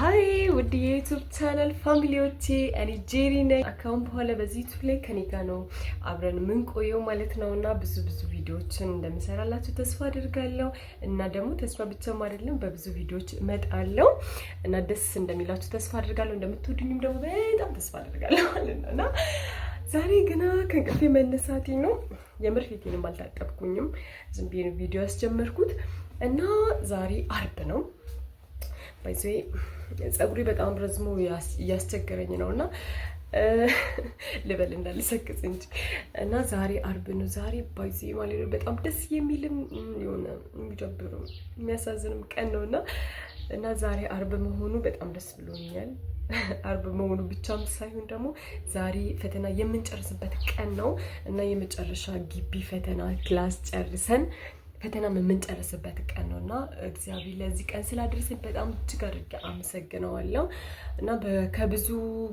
ሀይ ውድ የዩቱብ ቻናል ፋሚሊዎቼ እኔ ጄሪ ነኝ። አካሁን በኋላ በዚህ ዩቱብ ላይ ከኔ ጋር ነው አብረን የምንቆየው ማለት ነው እና ብዙ ብዙ ቪዲዮዎችን እንደምሰራላችሁ ተስፋ አድርጋለሁ እና ደግሞ ተስፋ ብቻም አይደለም በብዙ ቪዲዮዎች እመጣለሁ እና ደስ እንደሚላችሁ ተስፋ አድርጋለሁ። እንደምትወዱኝም ደግሞ በጣም ተስፋ አድርጋለሁ ማለት ነው እና ዛሬ ገና ከእንቅልፌ መነሳቴ ነው። የምር ፊቴንም አልታጠብኩኝም። ዝም ብዬ ቪዲዮ ያስጀመርኩት እና ዛሬ አርብ ነው ባይዘ ጸጉሪ በጣም ረዝሞ እያስቸገረኝ ነው እና ልበል እንዳልሰክስ እንጂ እና ዛሬ አርብ ነው። ዛሬ ባይዚ ማለት ነው በጣም ደስ የሚልም የሆነ የሚደብርም የሚያሳዝንም ቀን ነው እና እና ዛሬ አርብ መሆኑ በጣም ደስ ብሎኛል። አርብ መሆኑ ብቻም ሳይሆን ደግሞ ዛሬ ፈተና የምንጨርስበት ቀን ነው እና የመጨረሻ ግቢ ፈተና ክላስ ጨርሰን ፈተና የምንጨርስበት ቀን ነው እና እግዚአብሔር ለዚህ ቀን ስላደረሰን በጣም እጅግ አድርጌ አመሰግነዋለሁ እና ከብዙ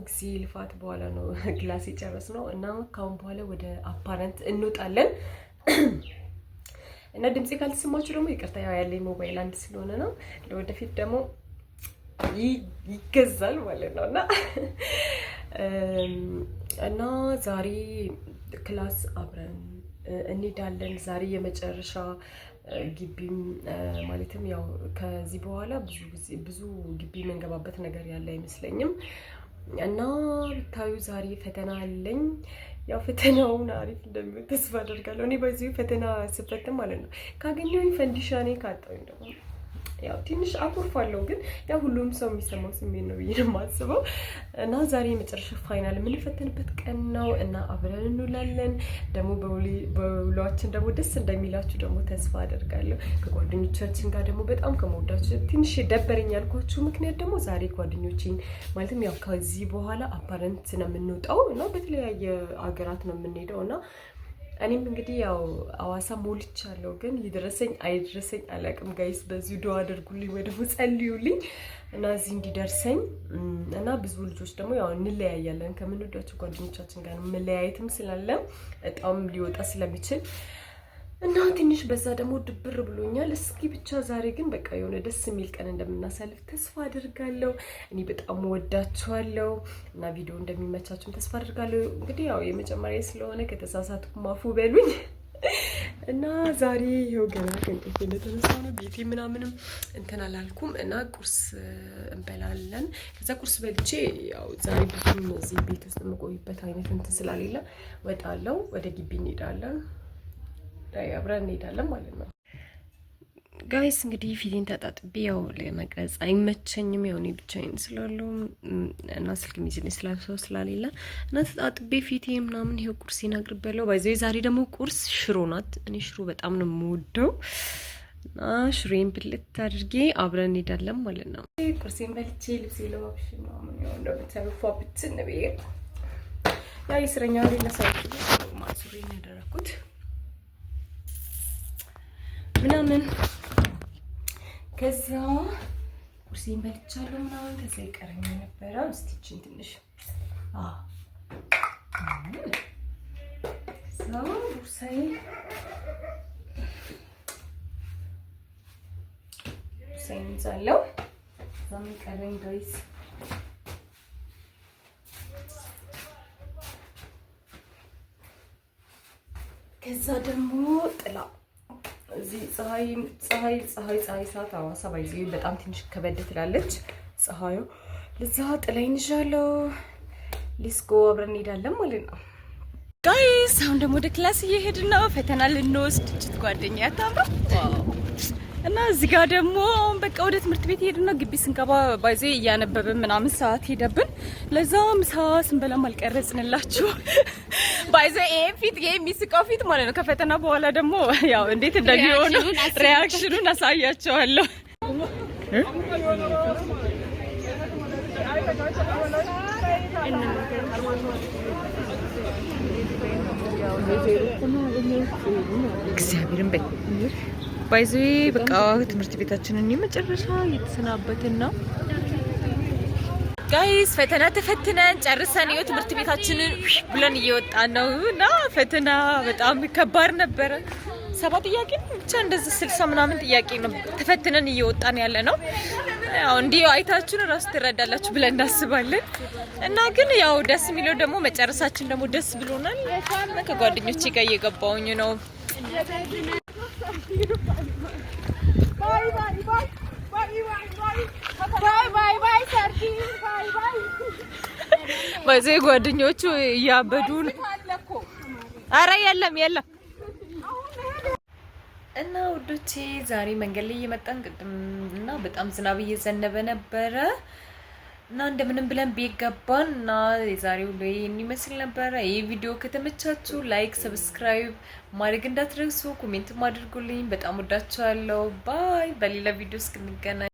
ጊዜ ልፋት በኋላ ነው ግላስ የጨረስ ነው እና ካሁን በኋላ ወደ አፓረንት እንወጣለን እና ድምፄ ካልተሰማችሁ ደግሞ ይቅርታ፣ ያው ያለኝ ሞባይል አንድ ስለሆነ ነው። ለወደፊት ደግሞ ይገዛል ማለት ነው እና እና ዛሬ ክላስ አብረን እንሄዳለን። ዛሬ የመጨረሻ ግቢም ማለትም ያው ከዚህ በኋላ ብዙ ግቢ የምንገባበት ነገር ያለ አይመስለኝም እና ብታዩ ዛሬ ፈተና አለኝ። ያው ፈተናውን አሪፍ እንደሚሆን ተስፋ አደርጋለሁ። እኔ በዚሁ ፈተና ስፈትም ማለት ነው ካገኘሁኝ ፈንዲሻ እኔ ካጣሁኝ ደግሞ ያው ትንሽ አኩርፋለሁ፣ ግን ያው ሁሉም ሰው የሚሰማው ስሜት ነው ብዬ ነው የማስበው። እና ዛሬ የመጨረሻ ፋይናል የምንፈተንበት ቀን ነው እና አብረን እንውላለን። ደግሞ በውሏችን ደግሞ ደስ እንደሚላችሁ ደግሞ ተስፋ አደርጋለሁ። ከጓደኞቻችን ጋር ደግሞ በጣም ከመወዳችሁ ትንሽ ደበረኝ ያልኳችሁ ምክንያት ደግሞ ዛሬ ጓደኞቼን ማለትም ያው ከዚህ በኋላ አፓረንት ነው የምንወጣው እና በተለያየ ሀገራት ነው የምንሄደው እና እኔም እንግዲህ ያው አዋሳ ሞልቻለሁ፣ ግን ይድረሰኝ አይድረሰኝ አላውቅም። ጋይስ በዚሁ ዶ አድርጉልኝ ወይ ደግሞ ጸልዩልኝ እና እዚህ እንዲደርሰኝ እና ብዙ ልጆች ደግሞ ያው እንለያያለን ከምንወዳቸው ጓደኞቻችን ጋር መለያየትም ስላለ እጣውም ሊወጣ ስለሚችል እና ትንሽ በዛ ደግሞ ድብር ብሎኛል። እስኪ ብቻ ዛሬ ግን በቃ የሆነ ደስ የሚል ቀን እንደምናሳልፍ ተስፋ አድርጋለሁ። እኔ በጣም ወዳችኋለሁ እና ቪዲዮ እንደሚመቻችም ተስፋ አድርጋለሁ። እንግዲህ ያው የመጀመሪያ ስለሆነ ከተሳሳትኩ ማፉ በሉኝ እና ዛሬ ይኸው ገና ከእንቅልፍ እንደተነሳ ነው ቤቴ ምናምንም እንትን አላልኩም እና ቁርስ እንበላለን። ከዛ ቁርስ በልቼ ያው ዛሬ ብዙም እዚህ ቤት ውስጥ የምቆይበት አይነት እንትን ስላሌለ ወጣለው፣ ወደ ግቢ እንሄዳለን። አብረን እንሄዳለን ማለት ነው። ጋይስ እንግዲህ ፊቴን ተጣጥቤ ያው ለመቅረጽ አይመቸኝም። ያው እኔ ብቻዬን ስላለው እና ስልክ ሚዝን ስላልሰው ስላሌለ እና ተጣጥቤ ፊቴ ምናምን ይሄው ቁርሴን አቅርቤያለሁ። ባይዘ ዛሬ ደግሞ ቁርስ ሽሮ ናት። እኔ ሽሮ በጣም ነው የምወደው እና ሽሮዬን ብልት አድርጌ አብረን እንሄዳለን ማለት ነው። ቁርሴን በልቼ ልብሴ ለባብሽ ምናምን ያው እንደምታዩት ብትን ብዬ ያ ማሱሬን ምናምን ከዛ ቁርሴን በልቻለሁ ምናምን። ከዛ ይቀረኝ የነበረው ስቲችን ትንሽ ሰው ቁርሳይ ቁርሳይን ይዛለው ዛም ይቀረኝ ዶይስ ከዛ ደግሞ ጥላ እዚህ ፀሐይ ፀሐይ ፀሐይ ፀሐይ ሰዓት ሐዋሳ ባይዜ በጣም ትንሽ ከበድ ትላለች ፀሐዩ። ለዛ ጥላዬን ይዣለሁ። ሊስኮ አብረን እንሄዳለን ማለት ነው ጋይስ። አሁን ደግሞ ወደ ክላስ እየሄድን ነው ፈተና ልንወስድ። እችት ጓደኛ ያታምራ እና እዚህ ጋር ደግሞ በቃ ወደ ትምህርት ቤት ሄድን ነው። ግቢ ስንገባ ባይዜ እያነበብን ምናምን ሰዓት ሄደብን። ለዛ ምሳ ስንበላም አልቀረጽንላችሁ ባይዘ ይሄ ፊት ይሄ የሚስቀው ፊት ማለት ነው። ከፈተና በኋላ ደግሞ ያው እንዴት እንደሚሆኑ ሪያክሽኑን አሳያቸዋለሁ። እግዚአብሔርን በ ባይዘ በቃ ትምህርት ቤታችንን የመጨረሻ እየተሰናበትን ነው። ጋይስ ፈተና ተፈትነን ጨርሰን ይኸው ትምህርት ቤታችንን ብለን እየወጣን ነው። እና ፈተና በጣም ከባድ ነበረ። ሰባ ጥያቄ ብቻ እንደዚህ ስልሳ ምናምን ጥያቄ ነው ተፈትነን እየወጣን ያለ ነው። ያው እንዲህ አይታችሁን እራሱ ትረዳላችሁ ብለን እናስባለን። እና ግን ያው ደስ የሚለው ደግሞ መጨረሳችን ደግሞ ደስ ብሎናል። ከጓደኞቼ ጋር እየገባውኝ ነው በዚህ ጓደኞቹ እያበዱን። አረ የለም የለም። እና ውዶቼ ዛሬ መንገድ ላይ እየመጣን ቅድም እና በጣም ዝናብ እየዘነበ ነበረ እና እንደምንም ብለን ቤት ገባን እና የዛሬው ላይ ይህን ነበረ። ይህ ቪዲዮ ከተመቻችሁ ላይክ፣ ሰብስክራይብ ማድረግ እንዳትረሱ፣ ኮሜንትም አድርጉልኝ። በጣም ወዳችኋለሁ። ባይ። በሌላ ቪዲዮ እስክንገናኝ